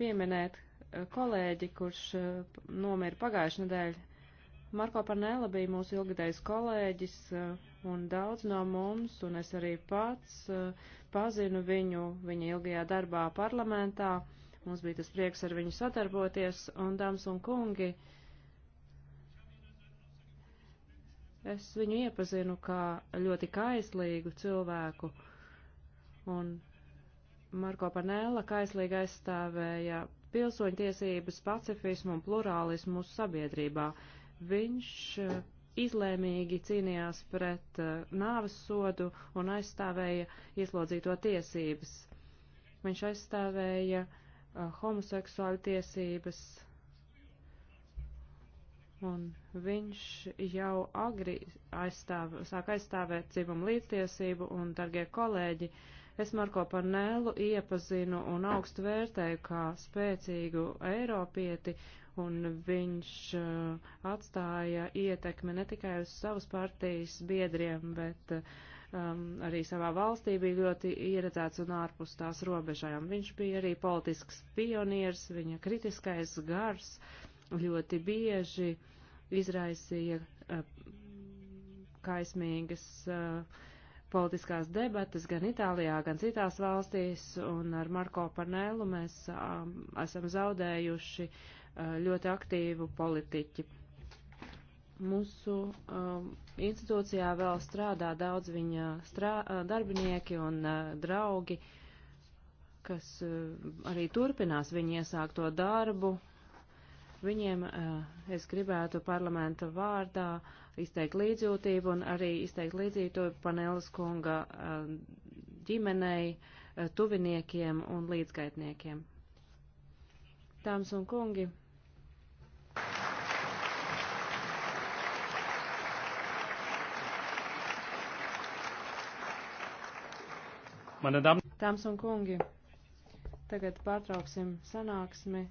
pieminēt eh, kolēģi, kurš eh, nomira pagājušajā nedēļā. Marko Panela bija mūsu ilgadējs kolēģis eh, un daudz no mums, un es arī pats pazinu viņu viņa ilgajā darbā parlamentā. Mums bija tas prieks ar viņu sadarboties, un dāmas un kungi, es viņu iepazinu kā ļoti kaislīgu cilvēku, un Marko Panēla kaislīgi aizstāvēja pilsoņu tiesības, pacifismu un plurālismu mūsu sabiedrībā. Viņš eh, izlēmīgi cīnījās pret eh, nāves sodu un aizstāvēja ieslodzīto tiesības. Viņš aizstāvēja eh, homoseksuāļu tiesības, Un viņš jau agri aizstāv, sāk aizstāvēt dzimumu līdztiesību, un, dargie kolēģi, es Marko Parnēlu iepazinu un augstu vērtēju kā spēcīgu Eiropieti, un viņš uh, atstāja ietekmi ne tikai uz savas partijas biedriem, bet um, arī savā valstī bija ļoti ieredzēts un ārpus tās robežām. Viņš bija arī politisks pionieris, viņa kritiskais gars ļoti bieži izraisīja eh, kaismīgas eh, politiskās debatas gan Itālijā, gan citās valstīs, un ar Marko Panelu mēs esam zaudējuši eh, ļoti aktīvu politiķi. Mūsu institūcijā vēl strādā daudz viņa strā, darbinieki un draugi, kas arī turpinās viņa iesākto darbu, Viņiem eh, es gribētu parlamenta vārdā izteikt līdzjūtību un arī izteikt līdzjūtību Panelas kunga eh, ģimenei, eh, tuviniekiem un līdzgaitniekiem. Dāmas un kungi! Dāmas un kungi, tagad pārtrauksim sanāksmi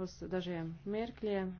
uz dažiem mirkļiem.